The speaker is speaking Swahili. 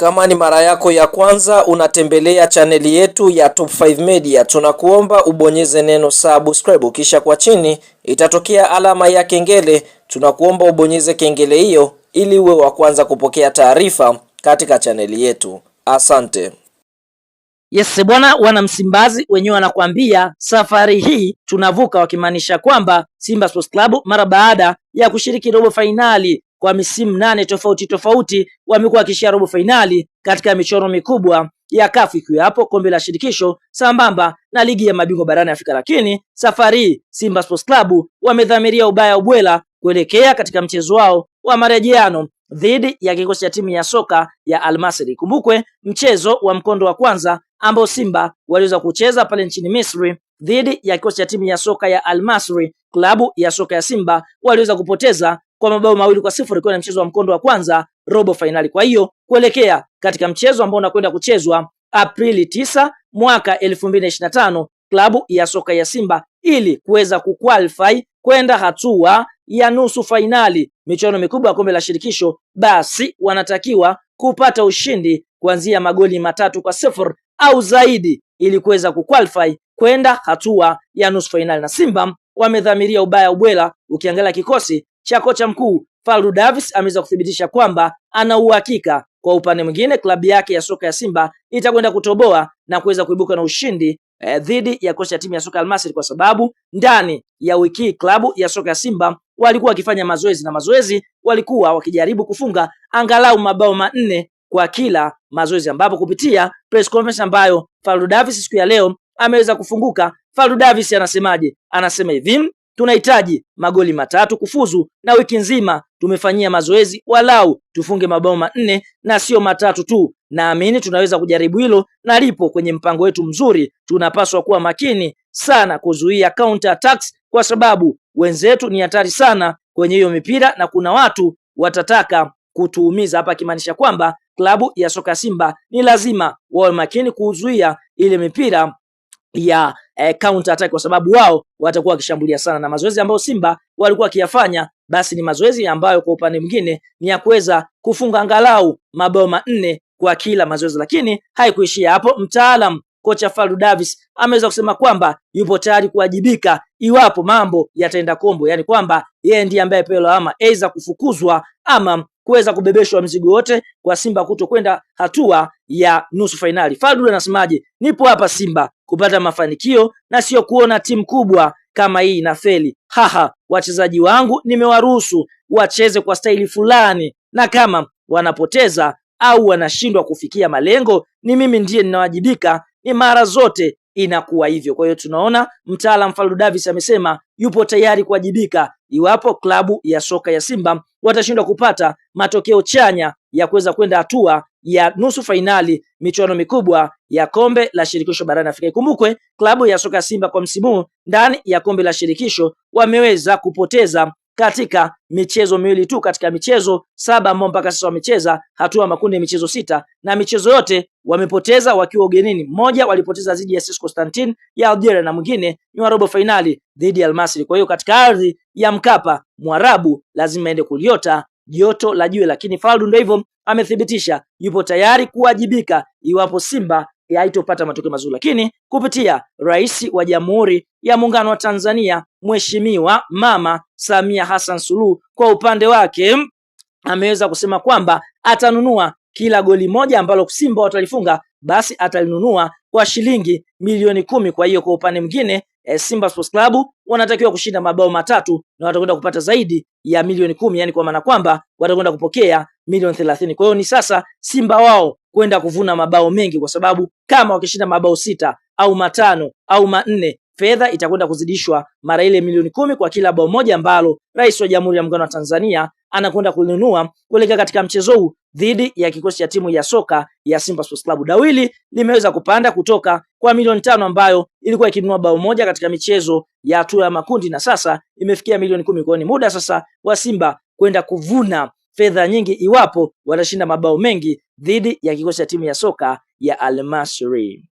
Kama ni mara yako ya kwanza unatembelea chaneli yetu ya Top 5 Media, tunakuomba ubonyeze neno subscribe, kisha kwa chini itatokea alama ya kengele. Tunakuomba ubonyeze kengele hiyo ili uwe wa kwanza kupokea taarifa katika chaneli yetu. Asante. Yes bwana, wana Msimbazi wenyewe wanakuambia safari hii tunavuka, wakimaanisha kwamba Simba Sports Club mara baada ya kushiriki robo fainali kwa misimu nane tofauti tofauti wamekuwa wakishia robo fainali katika michuano mikubwa ya kafu ikiwapo kombe la shirikisho sambamba na ligi ya mabingwa barani Afrika, lakini safari Simba Sports Club wamedhamiria ubaya ubwela kuelekea katika mchezo wao wa marejeano dhidi ya kikosi cha timu ya soka ya Almasri. Kumbukwe mchezo wa mkondo wa kwanza ambao Simba waliweza kucheza pale nchini Misri dhidi ya kikosi cha timu ya soka ya Almasri, klabu ya soka ya Simba waliweza kupoteza kwa mabao mawili kwa sifuri kwenye mchezo wa mkondo wa kwanza robo fainali. Kwa hiyo kuelekea katika mchezo ambao unakwenda kuchezwa Aprili tisa mwaka 2025 klabu ya soka ya Simba ili kuweza kuqualify kwenda hatua ya nusu fainali michuano mikubwa ya kombe la shirikisho, basi wanatakiwa kupata ushindi kuanzia magoli matatu kwa sifuri au zaidi ili kuweza kuqualify kwenda hatua ya nusu fainali. Na Simba wamedhamiria ubaya ubwela, ukiangalia kikosi cha kocha mkuu Faru Davis ameweza kuthibitisha kwamba ana uhakika kwa upande mwingine klabu yake ya soka ya Simba itakwenda kutoboa na kuweza kuibuka na ushindi eh, dhidi ya kocha ya timu ya soka ya Almasri, kwa sababu ndani ya wiki klabu ya soka ya Simba walikuwa wakifanya mazoezi na mazoezi, walikuwa wakijaribu kufunga angalau mabao manne kwa kila mazoezi, ambapo kupitia press conference ambayo Faru Davis siku ya leo ameweza kufunguka. Faru Davis anasemaje? Anasema hivi tunahitaji magoli matatu kufuzu, na wiki nzima tumefanyia mazoezi walau tufunge mabao manne na sio matatu tu. Naamini tunaweza kujaribu hilo, na lipo kwenye mpango wetu mzuri. Tunapaswa kuwa makini sana kuzuia counter attacks, kwa sababu wenzetu ni hatari sana kwenye hiyo mipira, na kuna watu watataka kutuumiza hapa, akimaanisha kwamba klabu ya soka Simba ni lazima wawe makini kuzuia ile mipira ya eh, counter attack kwa sababu wao watakuwa wakishambulia sana, na mazoezi ambayo Simba walikuwa wakiyafanya basi ni mazoezi ambayo kwa upande mwingine ni ya kuweza kufunga angalau mabao manne kwa kila mazoezi, lakini haikuishia hapo. Mtaalam kocha Faru Davis ameweza kusema kwamba yupo tayari kuwajibika iwapo mambo yataenda kombo, yani kwamba yeye ndiye ambaye pewa lawama aidha kufukuzwa ama kuweza kubebeshwa mzigo wote kwa Simba kuto kwenda hatua ya nusu fainali. Fadlu anasemaje? Nipo hapa Simba kupata mafanikio na sio kuona timu kubwa kama hii na feli. Haha, wachezaji wangu nimewaruhusu wacheze kwa staili fulani, na kama wanapoteza au wanashindwa kufikia malengo, ni mimi ndiye ninawajibika. Ni mara zote inakuwa hivyo. Kwa hiyo tunaona mtaalam Faldu Davis amesema yupo tayari kuwajibika iwapo klabu ya soka ya Simba watashindwa kupata matokeo chanya ya kuweza kwenda hatua ya nusu fainali michuano mikubwa ya kombe la shirikisho barani Afrika. Ikumbukwe klabu ya soka ya Simba kwa msimu ndani ya kombe la shirikisho wameweza kupoteza katika michezo miwili tu katika michezo saba ambao mpaka sasa wamecheza hatua makundi ya michezo sita, na michezo yote wamepoteza wakiwa ugenini. Mmoja walipoteza dhidi ya CS Constantine ya Algeria na mwingine ni robo fainali dhidi ya Almasri. Kwa hiyo katika ardhi ya Mkapa, Mwarabu lazima aende kuliota joto la jiwe, lakini Faldu ndio hivyo amethibitisha yupo tayari kuwajibika iwapo Simba haitopata matokeo mazuri, lakini kupitia Rais wa Jamhuri ya Muungano wa Tanzania Mheshimiwa Mama Samia Hassan Suluhu, kwa upande wake ameweza kusema kwamba atanunua kila goli moja ambalo Simba watalifunga basi atalinunua kwa shilingi milioni kumi. Kwa hiyo kwa upande mwingine e, Simba Sports Club wanatakiwa kushinda mabao matatu na watakwenda kupata zaidi ya milioni kumi, yani kwa maana kwamba watakwenda kupokea milioni thelathini. Kwa hiyo ni sasa Simba wao kwenda kuvuna mabao mengi, kwa sababu kama wakishinda mabao sita au matano au manne fedha itakwenda kuzidishwa mara ile milioni kumi kwa kila bao moja ambalo Rais wa Jamhuri ya Muungano wa Tanzania anakwenda kulinunua kuelekea katika mchezo huu dhidi ya kikosi cha timu ya soka ya Simba Sports Club. Dawili limeweza kupanda kutoka kwa milioni tano ambayo ilikuwa ikinunua bao moja katika michezo ya hatua ya makundi na sasa imefikia milioni kumi. Kwa ni muda sasa wa Simba kwenda kuvuna fedha nyingi iwapo watashinda mabao mengi dhidi ya kikosi cha timu ya soka ya Al Masry.